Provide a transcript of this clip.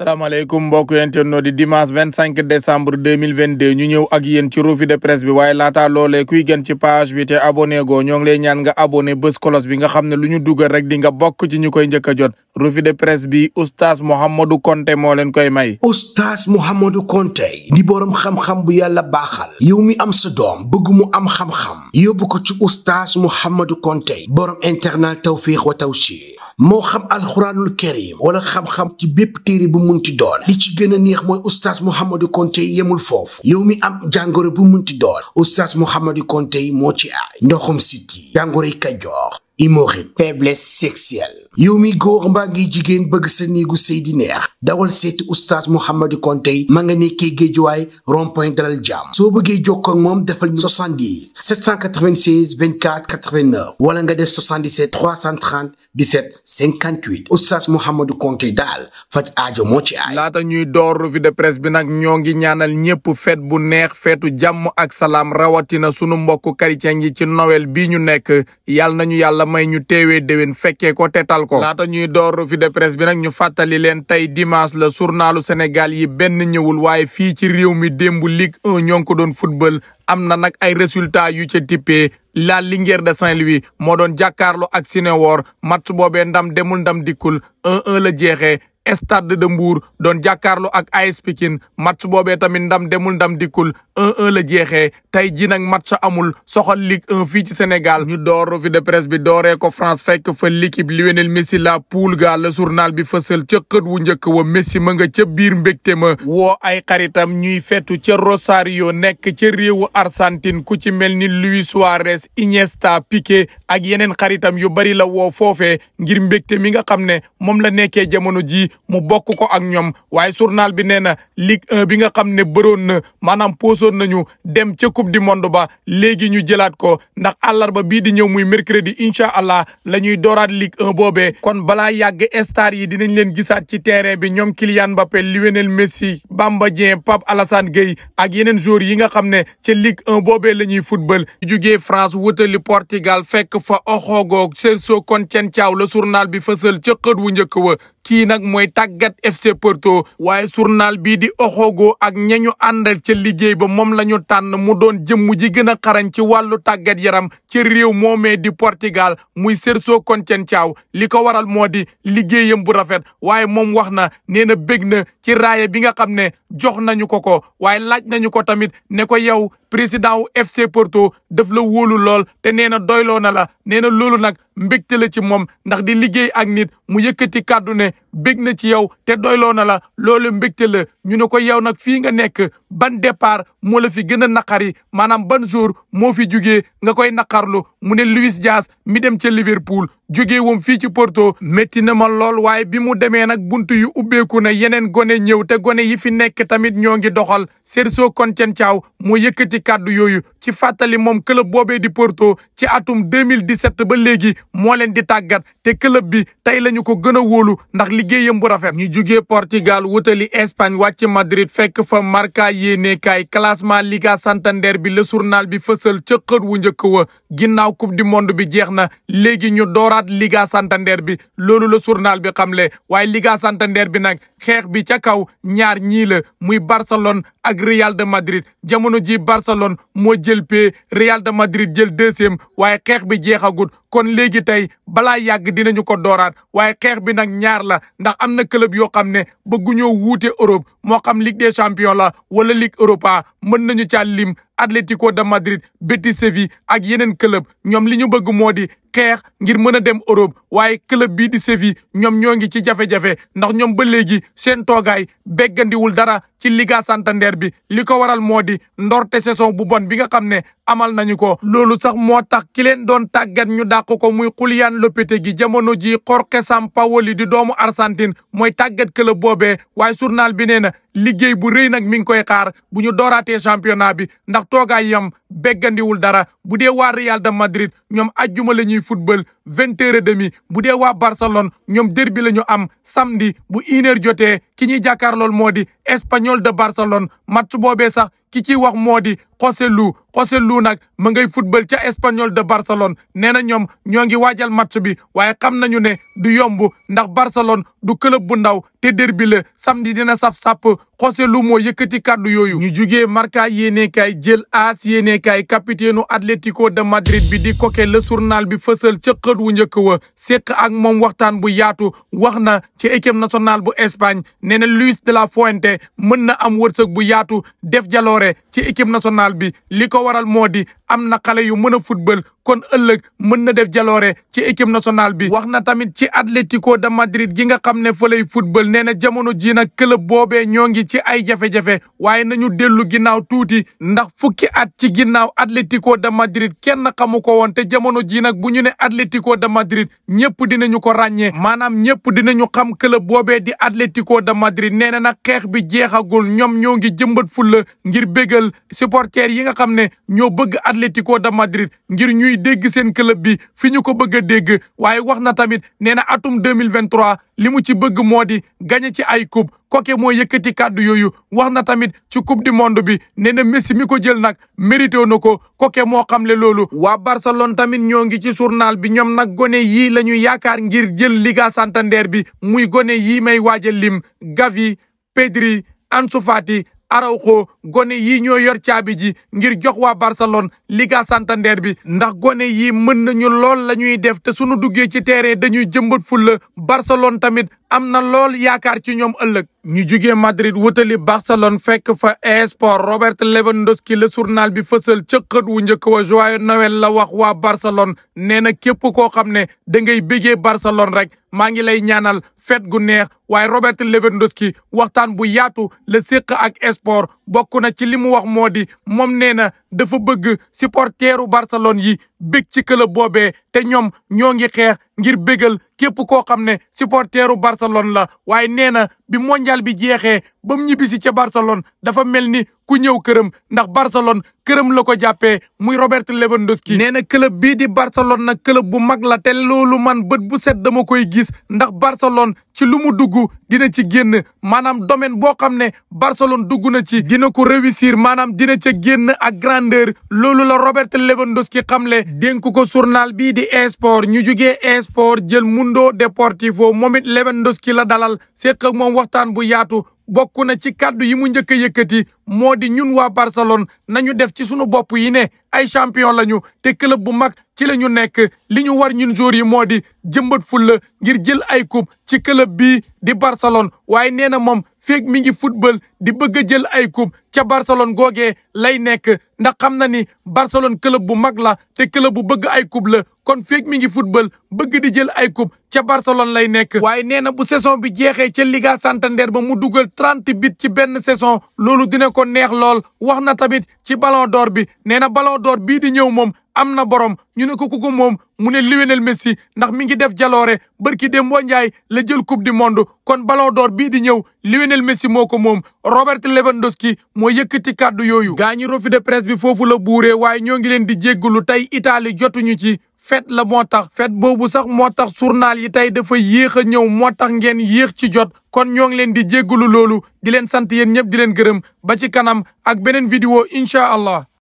salaamaaleykum mbokk yéen di dimanche vingt cinq décembre deux mille vingt deux ñu ñëw ak yéen ci revue de presse bi waaye laata loolee kuy gën ci page bi te abonné go ñoo ngi lay ñaan nga abonné bés kolos bi nga xam ne lu ñu dugal rek di nga bokk ci ñu koy njëkk a jot revue de presse bi oustaz Mouhamadou Konté moo leen koy may. oustaz Mouhamadou Konté di borom xam-xam bu yàlla baaxal. yow mi am sa doom bëgg mu am xam-xam. yóbbu ko ci oustaz Mouhamadou Konté borom internal tawfiq wa tawsir moo xam alxuraanul karim wala xam-xam ci bépp téere bu munti doon li ci gën a neex mooy oustaz Mouhamadou Konté yemul foofu yow mi am jàngoro bu munti doon oustaz Mouhamadou Konté moo ci aay ndoxum siti jàngoroy kajoor imorit faiblesse sexuelle yow mi góor mbaa ngi jigéen bëgg sa néegu sëy di neex dawal seeti oustaz Mouhamadou Konté ma nga nekkee géejuwaay rond point dalal jàmm soo bëggee jokkoo ak moom defal ñu 70 796 24 89 wala nga def 77 330 17 58 oustaz Mouhamadou Konté daal faj ajo moo ci aay. laata ñuy door revue de presse bi nag ñoo ngi ñaanal ñëpp fête bu neex feetu jàmm ak salaam rawatina sunu mbokku chrétien yi ci Noël bi ñu nekk yàlla nañu yàlla may ñu teewee déwén fekkee ko tetal. laal ko laata ñuy door revue de presse bi nag ñu fàttali leen tey dimanche la journalu Sénégal yi benn ñëwul waaye fii ci réew mi démb Ligue 1 ko doon football am na nag ay résultats yu ca tippee la Linguère de Saint-Louis moo doon jàkkaarloo ak Sinéwor match boobee ndam demul ndam dikkul 1-1 la jeexe stade de Mbour doon jàkkaarloo ak AS Pikine match boobee tamit ndam demul ndam dikkul 1-1 la jeexee tey ji nag match amul soxal lig 1 fii ci Sénégal ñu door revue de presse bi dooree ko France fek fa l'équipe Lionel Messi la poule ga la journal bi fësal ca xët wu njëkk wa Messi ma nga ca biir mbégte woo ay xaritam ñuy fetu ca Rosario nekk ca réewu Argentine ku ci mel ni Luis Suarez Iniesta Piqué ak yeneen xaritam yu bari la woo foofee ngir mbégte mi nga xam ne moom la nekkee jamono ji mu bokk ko ak ñoom waaye journal bi nee na Ligue bi nga xam ne bëroon na maanaam poosoon nañu dem ca coupe du monde ba léegi ñu jëlaat ko ndax àllarba bii di ñëw muy mercredi incha allah la ñuy dooraat Ligue 1 boobee kon balaa yàgg star yi dinañ leen gisaat ci terrain bi ñoom kiliyaan Kylian li Lionel Messi Bamba Dieng Pape Alassane Gueye ak yeneen joueurs yi nga xam ne ca Ligue 1 boobee la ñuy football jugee France wutali Portugal fekk fa oxoogoog Celso Conceição la journal bi fësal ca wu njëkk wa kii nag mooy tàggat FC Porto waaye journal bii di oxogo ak ñañu àndal ca liggéey ba moom la ñu tànn mu doon jëmm ji gën a xarañ ci wàllu tàggat yaram ci réew moomee di Portugal muy serso Sérgio Conceição li ko waral moo di liggéeyam bu rafet waaye moom wax na nee na bég na ci raaya bi nga xam ne jox nañu ko ko waaye laaj nañu ko tamit ne ko yow président wu FC Porto daf la wóolu lool te nee na doyloo na la nee na loolu nag mbégte la ci moom ndax di liggéey ak nit mu yëkkati kàddu ne bég na ci yow te doyloo na la loolu mbégte ñu ne ko yow nag fii nga nekk ban départ moo la fi gën a naqari maanaam ban jour moo fi jugee nga koy naqarlu mu ne Luis Diaz mi dem ca Liverpool jógee woon fii ci Porto métti na ma lool waaye bi mu demee nag bunt yu ubbeeku na yeneen gone ñëw te gone yi fi nekk tamit ñoo ngi doxal Sergio Conceição moo yëkkati kàddu yooyu ci fàttali moom club boobee di Porto ci atum 2017 ba léegi moo leen di tàggat te club bi tey lañu ko gën a wóolu ndax liggéeyam bu rafet ñu jógee Portugal wutali Espagne wàcc Madrid fekk fa Marca yéenekaay classement Liga Santander bi le journal bi fësal ca xët wu njëkk wa ginnaaw coupe du monde bi jeex na léegi dooraat Liga Santander bi loolu la journal xam le waaye Liga Santander bi nag xeex bi ca kaw ñaar ñii la muy Barcelone ak Real de Madrid jamono ji Barcelone moo jël pee Real de Madrid jël deuxième waaye xeex bi jeexagut kon léegi tey balaa yàgg dinañu ko dooraat waaye xeex bi nag ñaar la ndax am na club yoo xam ne bëgguñoo wuute Europe moo xam Ligue des champions la wala Ligue Europa mën nañu caa lim Atlético de Madrid Betis Séville ak yeneen club ñoom li ñu bëgg moo di xeex ngir mën a dem Europe waaye club bii di Séville ñoom ñoo ngi ci jafe-jafe ndax ñoom ba léegi seen toogaay beggandiwul dara ci Liga Santander bi li ko waral moo di ndorte saison bu bon bi nga xam ne amal nañu ko. loolu sax moo tax ki leen doon tàggat ñu dàq ko muy Julián Lopetegui jamono ji Jorge Sampaoli di doomu Argentine mooy tàggat club boobee waaye surnal bi nee na liggéey bu rëy nag mi ngi koy xaar bu ñu dooraatee championnat bi ndax toogaayam beggandiwul dara bu dee waa Real de Madrid ñoom ajjuma la ñuy football vingt heures et demi bu dee waa Barcelone ñoom derbi la ñu am samdi bu une heure jotee ki ñuy jàkkaarlool moo di Espagnol de Barcelone match boobee sax ki ciy wax moo di José Lu nag ma ngay football ca Espagnol de Barcelone nee na ñoom ñoo ngi waajal match bi waaye xam nañu ne du yomb ndax Barcelone du club bu ndaw te derbi la samedi dina saf sàpp José Lu moo yëkkati kàddu yooyu. ñu jugee Marca yéenekaay jël AS yéenekaay capitaine u Atlético de Madrid bi di koke le journal bi fësal ca xët wu njëkk wa séq ak moom waxtaan bu yaatu wax na ci équipe nationale bu Espagne nee na Luis de la Fuente mën na am wërsëg bu yaatu def jaloore ci équipe nationale bi li ko waral moo di am na xale yu mën a football kon ëllëg mën na def jaloore ci équipe nationale bi wax na tamit ci Atlético de Madrid gi nga xam ne fa lay football nee na jamono ji nag club boobee ñoo ngi ci ay jafe-jafe waaye nañu dellu ginnaaw tuuti ndax fukki at ci ginnaaw Atlético de Madrid kenn xamu ko woon te Atlético de Madrid ñëpp dinañu ko ràññee maanaam ñëpp dinañu xam club boobee di Atlético de Madrid nee na nag xeex bi jeexagul ñoom ñoo ngi jëmbat fulla ngir bégal supporters yi nga xam ne ñoo bëgg Atlético de Madrid ngir ñuy dégg seen club bi fi ñu ko bëgg a dégg waaye wax na tamit nee na atum 2023 li mu ci bëgg moo di gagné ci ay coupe koké moo yëkkati kàddu yooyu wax na tamit ci coupe di monde bi nee na Messi jël nag mérité na ko koke moo xamle loolu. waa Barcelone tamit ñoo ngi ci journal bi ñoom nag gone yii la ñu yaakaar ngir jël Liga Santander bi muy gone yii may waaj a lim Gavi Pedri Ansu Fati Araujo gone yii ñoo yor caabi ji ngir jox waa Barcelone Liga Santander bi ndax gone yii mën nañu lool la ñuy def te suñu duggee ci terrain dañuy jëmbat fulla Barcelone tamit am na lool yaakaar ci ñoom ëllëg ñu jugee Madrid wutali Barcelone fekk fa esport Robert Lewandowski la journal bi fësal ca wu njëkk wa joyeux Noël la wax waa Barcelone nee na képp koo xam ne da ngay bégee Barcelone rek maa ngi lay ñaanal fête gu neex waaye Robert Lewandowski waxtaan bu yaatu la séq ak esport bokk bokk na ci li mu wax moo di moom nee na dafa bëgg supporteru Barcelone yi bég ci club boobee te ñoom ñoo ngi xeex ngir bégal képp koo xam ne supporteru Barcelone la waaye nee na bi mondial bi jeexee ba mu ñibbisi ca Barcelone dafa mel ni ku ñëw këram ndax Barcelone këram la ko jàppee muy Robert Lewandowski. nee na club bii di Barcelone nag club bu mag la te loolu man bët bu set dama koy gis ndax Barcelone ci lu mu dugg dina ci génn maanaam domaine boo xam ne Barcelone dugg na ci dina ko réussir maanaam dina ca génn ak grandeur loolu la Robert Lewandowski xamle dénk ko journal bii di esport ñu jugee esport jël Mundo Deportivo moom it Lewandowski la dalal seq ak moom waxtaan bu yaatu bokk na ci kàddu yi mu njëkk a yëkkati moo di ñun waa Barcelone nañu def ci suñu bopp yi ne ay champion lañu te club bu mag ci la ñu nekk li ñu war ñun joueurs yi moo di jëmbat fulla ngir jël ay coupe ci club bi di Barcelone waaye nee na moom feeg mi ngi football di bëgg a jël ay coupe ca Barcelone googee lay nekk ndax xam na ni Barcelone club bu mag la te club bu bëgg ay coupe la kon feeg mi ngi football bëgg di jël ay coupe ca Barcelone lay nekk. waaye nee na bu saison bi jeexee ca Liga Santander ba mu dugal trente bit ci benn saison loolu dina ko neex lool wax na tamit ci Ballon d'Or bi nee na Ballon d'Or bii di ñëw moom. am na borom ñu ne ko ku ko moom mu ne Lionel Messi ndax mi ngi def jaloore barki Demba Ndiaye la jël coupe du monde kon ballon d'or bii di ñëw Lionel Messi moo ko moom Robert Lewandowski moo yëkkati kàddu yooyu. gaa ñi rofi de presse bi foofu la buuree waaye ñoo ngi leen di jéggalu tey Italie jotuñu ci. fête la moo tax fête boobu sax moo tax surnaal yi tey dafa yéex a ñëw moo tax ngeen yéex ci jot kon ñoo ngi leen di jéggalu loolu di leen sant yéen ñëpp di leen gërëm ba ci kanam ak beneen vidéo incha allah